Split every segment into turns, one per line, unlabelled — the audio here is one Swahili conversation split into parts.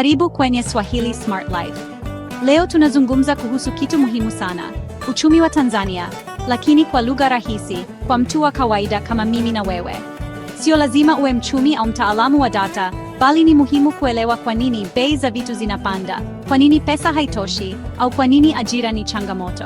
Karibu kwenye Swahili Smart Life. Leo tunazungumza kuhusu kitu muhimu sana, uchumi wa Tanzania, lakini kwa lugha rahisi, kwa mtu wa kawaida kama mimi na wewe. Sio lazima uwe mchumi au mtaalamu wa data, bali ni muhimu kuelewa kwa nini bei za vitu zinapanda, kwa nini pesa haitoshi, au kwa nini ajira ni changamoto.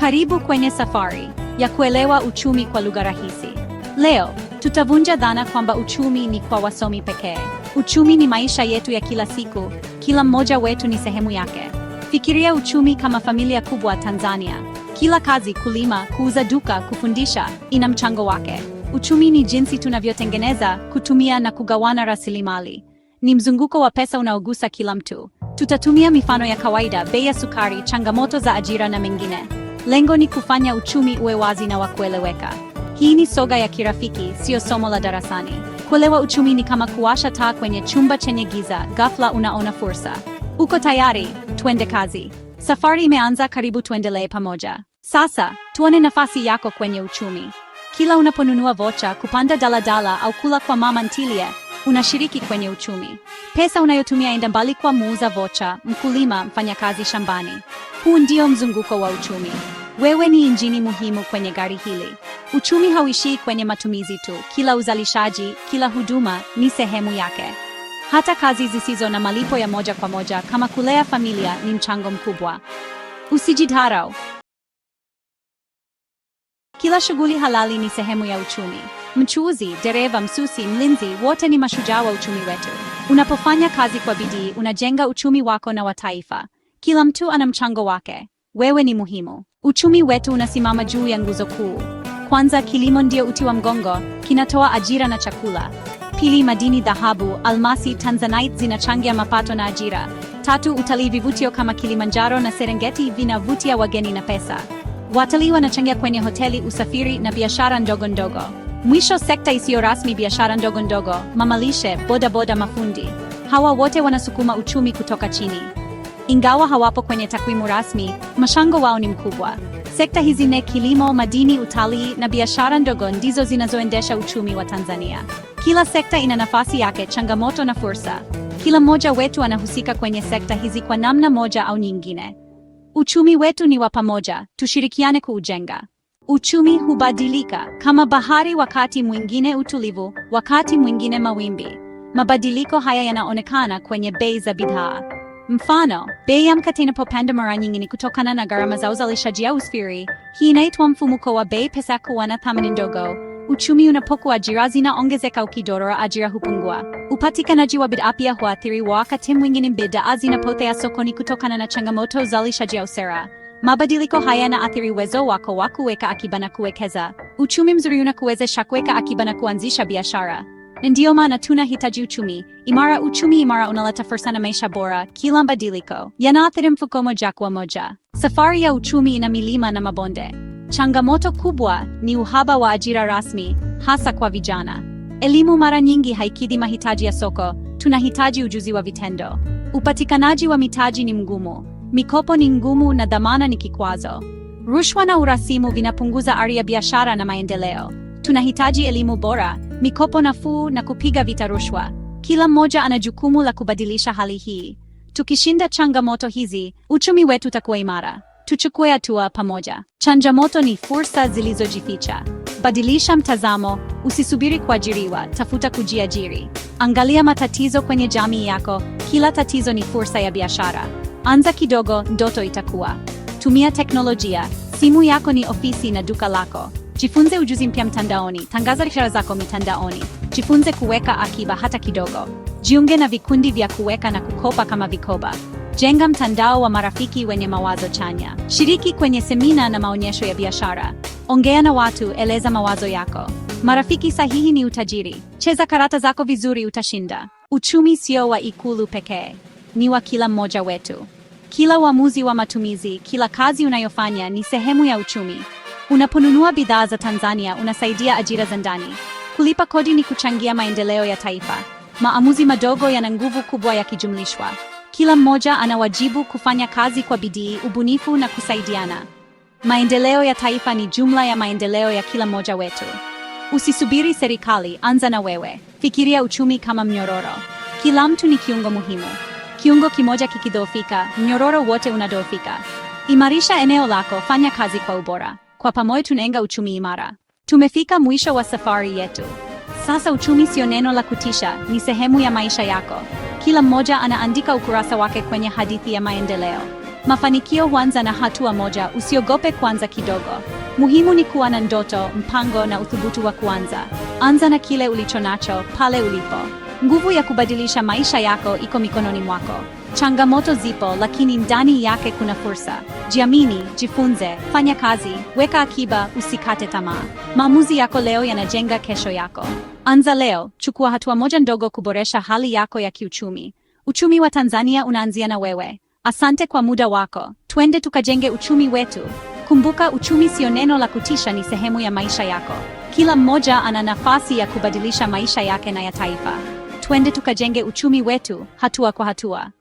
Karibu kwenye safari ya kuelewa uchumi kwa lugha rahisi. Leo tutavunja dhana kwamba uchumi ni kwa wasomi pekee. Uchumi ni maisha yetu ya kila siku, kila mmoja wetu ni sehemu yake. Fikiria uchumi kama familia kubwa Tanzania. Kila kazi, kulima, kuuza duka, kufundisha, ina mchango wake. Uchumi ni jinsi tunavyotengeneza, kutumia na kugawana rasilimali. Ni mzunguko wa pesa unaogusa kila mtu. Tutatumia mifano ya kawaida, bei ya sukari, changamoto za ajira na mengine. Lengo ni kufanya uchumi uwe wazi na wa kueleweka. Hii ni soga ya kirafiki, siyo somo la darasani. Kuelewa uchumi ni kama kuwasha taa kwenye chumba chenye giza, ghafla unaona fursa. Uko tayari? Twende kazi. Safari imeanza, karibu tuendelee pamoja. Sasa tuone nafasi yako kwenye uchumi. Kila unaponunua vocha, kupanda daladala au kula kwa mama ntilie, unashiriki kwenye uchumi. Pesa unayotumia enda mbali kwa muuza vocha, mkulima, mfanyakazi shambani. Huu ndio mzunguko wa uchumi. Wewe ni injini muhimu kwenye gari hili. Uchumi hauishii kwenye matumizi tu. Kila uzalishaji, kila huduma ni sehemu yake. Hata kazi zisizo na malipo ya moja kwa moja kama kulea familia ni mchango mkubwa. Usijidharau. Kila shughuli halali ni sehemu ya uchumi. Mchuuzi, dereva, msusi, mlinzi, wote ni mashujaa wa uchumi wetu. Unapofanya kazi kwa bidii, unajenga uchumi wako na wa taifa. Kila mtu ana mchango wake, wewe ni muhimu. Uchumi wetu unasimama juu ya nguzo kuu. Kwanza, kilimo ndio uti wa mgongo, kinatoa ajira na chakula. Pili, madini, dhahabu, almasi, tanzanite zinachangia mapato na ajira. Tatu, utalii, vivutio kama Kilimanjaro na Serengeti vinavutia wageni na pesa. Watalii wanachangia kwenye hoteli, usafiri na biashara ndogo ndogo. Mwisho, sekta isiyo rasmi, biashara ndogo ndogo, mamalishe, bodaboda, mafundi. Hawa wote wanasukuma uchumi kutoka chini. Ingawa hawapo kwenye takwimu rasmi, mchango wao ni mkubwa. Sekta hizi ne kilimo, madini, utalii na biashara ndogo, ndizo zinazoendesha uchumi wa Tanzania. Kila sekta ina nafasi yake, changamoto na fursa. Kila mmoja wetu anahusika kwenye sekta hizi kwa namna moja au nyingine. Uchumi wetu ni wa pamoja, tushirikiane kuujenga. Uchumi hubadilika kama bahari, wakati mwingine utulivu, wakati mwingine mawimbi. Mabadiliko haya yanaonekana kwenye bei za bidhaa Mfano, bei ya mkate inapopanda mara nyingi kutokana na gharama za uzalishaji au usafiri. Hii inaitwa mfumuko wa bei, pesa kuwa na thamani ndogo. Uchumi unapokuwa ajira zinaongezeka, ukidorora ajira hupungua. Upatikanaji wa bidhaa pia huathiri wakati mwingine bidhaa zinapotea sokoni kutokana na changamoto za uzalishaji au sera. Mabadiliko haya athiri uwezo wako wa kuweka akiba na kuwekeza. Uchumi mzuri unakuwezesha kuweka akiba na kuanzisha biashara. Ndiyo maana hitaji uchumi imara. Uchumi imara unaleta fursa na maisha bora. Kila mabadiliko yanaathiri mfuko moja kwa moja. Safari ya uchumi ina milima na mabonde. Changamoto kubwa ni uhaba wa ajira rasmi, hasa kwa vijana. Elimu mara nyingi haikidhi mahitaji ya soko. Tunahitaji ujuzi wa vitendo. Upatikanaji wa mitaji ni mgumu, mikopo ni ngumu, na dhamana ni kikwazo. Rushwa na urasimu vinapunguza ari ya biashara na maendeleo. Tunahitaji elimu bora, mikopo nafuu na kupiga vita rushwa. Kila mmoja ana jukumu la kubadilisha hali hii. Tukishinda changamoto hizi, uchumi wetu utakuwa imara. Tuchukue hatua pamoja. Changamoto ni fursa zilizojificha. Badilisha mtazamo, usisubiri kuajiriwa, tafuta kujiajiri. Angalia matatizo kwenye jamii yako, kila tatizo ni fursa ya biashara. Anza kidogo, ndoto itakuwa. Tumia teknolojia, simu yako ni ofisi na duka lako. Jifunze ujuzi mpya mtandaoni, tangaza biashara zako mitandaoni, jifunze kuweka akiba hata kidogo, jiunge na vikundi vya kuweka na kukopa kama vikoba, jenga mtandao wa marafiki wenye mawazo chanya, shiriki kwenye semina na maonyesho ya biashara, ongea na watu, eleza mawazo yako. Marafiki sahihi ni utajiri. Cheza karata zako vizuri, utashinda. Uchumi sio wa Ikulu pekee, ni wa kila mmoja wetu. Kila uamuzi wa matumizi, kila kazi unayofanya ni sehemu ya uchumi. Unaponunua bidhaa za Tanzania unasaidia ajira za ndani. Kulipa kodi ni kuchangia maendeleo ya taifa. Maamuzi madogo yana nguvu kubwa yakijumlishwa. Kila mmoja ana wajibu kufanya kazi kwa bidii, ubunifu na kusaidiana. Maendeleo ya taifa ni jumla ya maendeleo ya kila mmoja wetu. Usisubiri serikali, anza na wewe. Fikiria uchumi kama mnyororo. Kila mtu ni kiungo muhimu. Kiungo kimoja kikidhoofika, mnyororo wote unadhoofika. Imarisha eneo lako, fanya kazi kwa ubora. Kwa pamoja tunenga uchumi imara. Tumefika mwisho wa safari yetu. Sasa uchumi sio neno la kutisha, ni sehemu ya maisha yako. Kila mmoja anaandika ukurasa wake kwenye hadithi ya maendeleo. Mafanikio huanza na hatua moja, usiogope kuanza kidogo. Muhimu ni kuwa na ndoto, mpango na uthubutu wa kuanza. Anza na kile ulichonacho pale ulipo. Nguvu ya kubadilisha maisha yako iko mikononi mwako. Changamoto zipo, lakini ndani yake kuna fursa. Jiamini, jifunze, fanya kazi, weka akiba, usikate tamaa. Maamuzi yako leo yanajenga kesho yako. Anza leo, chukua hatua moja ndogo kuboresha hali yako ya kiuchumi. Uchumi wa Tanzania unaanzia na wewe. Asante kwa muda wako. Twende tukajenge uchumi wetu. Kumbuka, uchumi sio neno la kutisha, ni sehemu ya maisha yako. Kila mmoja ana nafasi ya kubadilisha maisha yake na ya taifa. Twende tukajenge uchumi wetu hatua kwa hatua.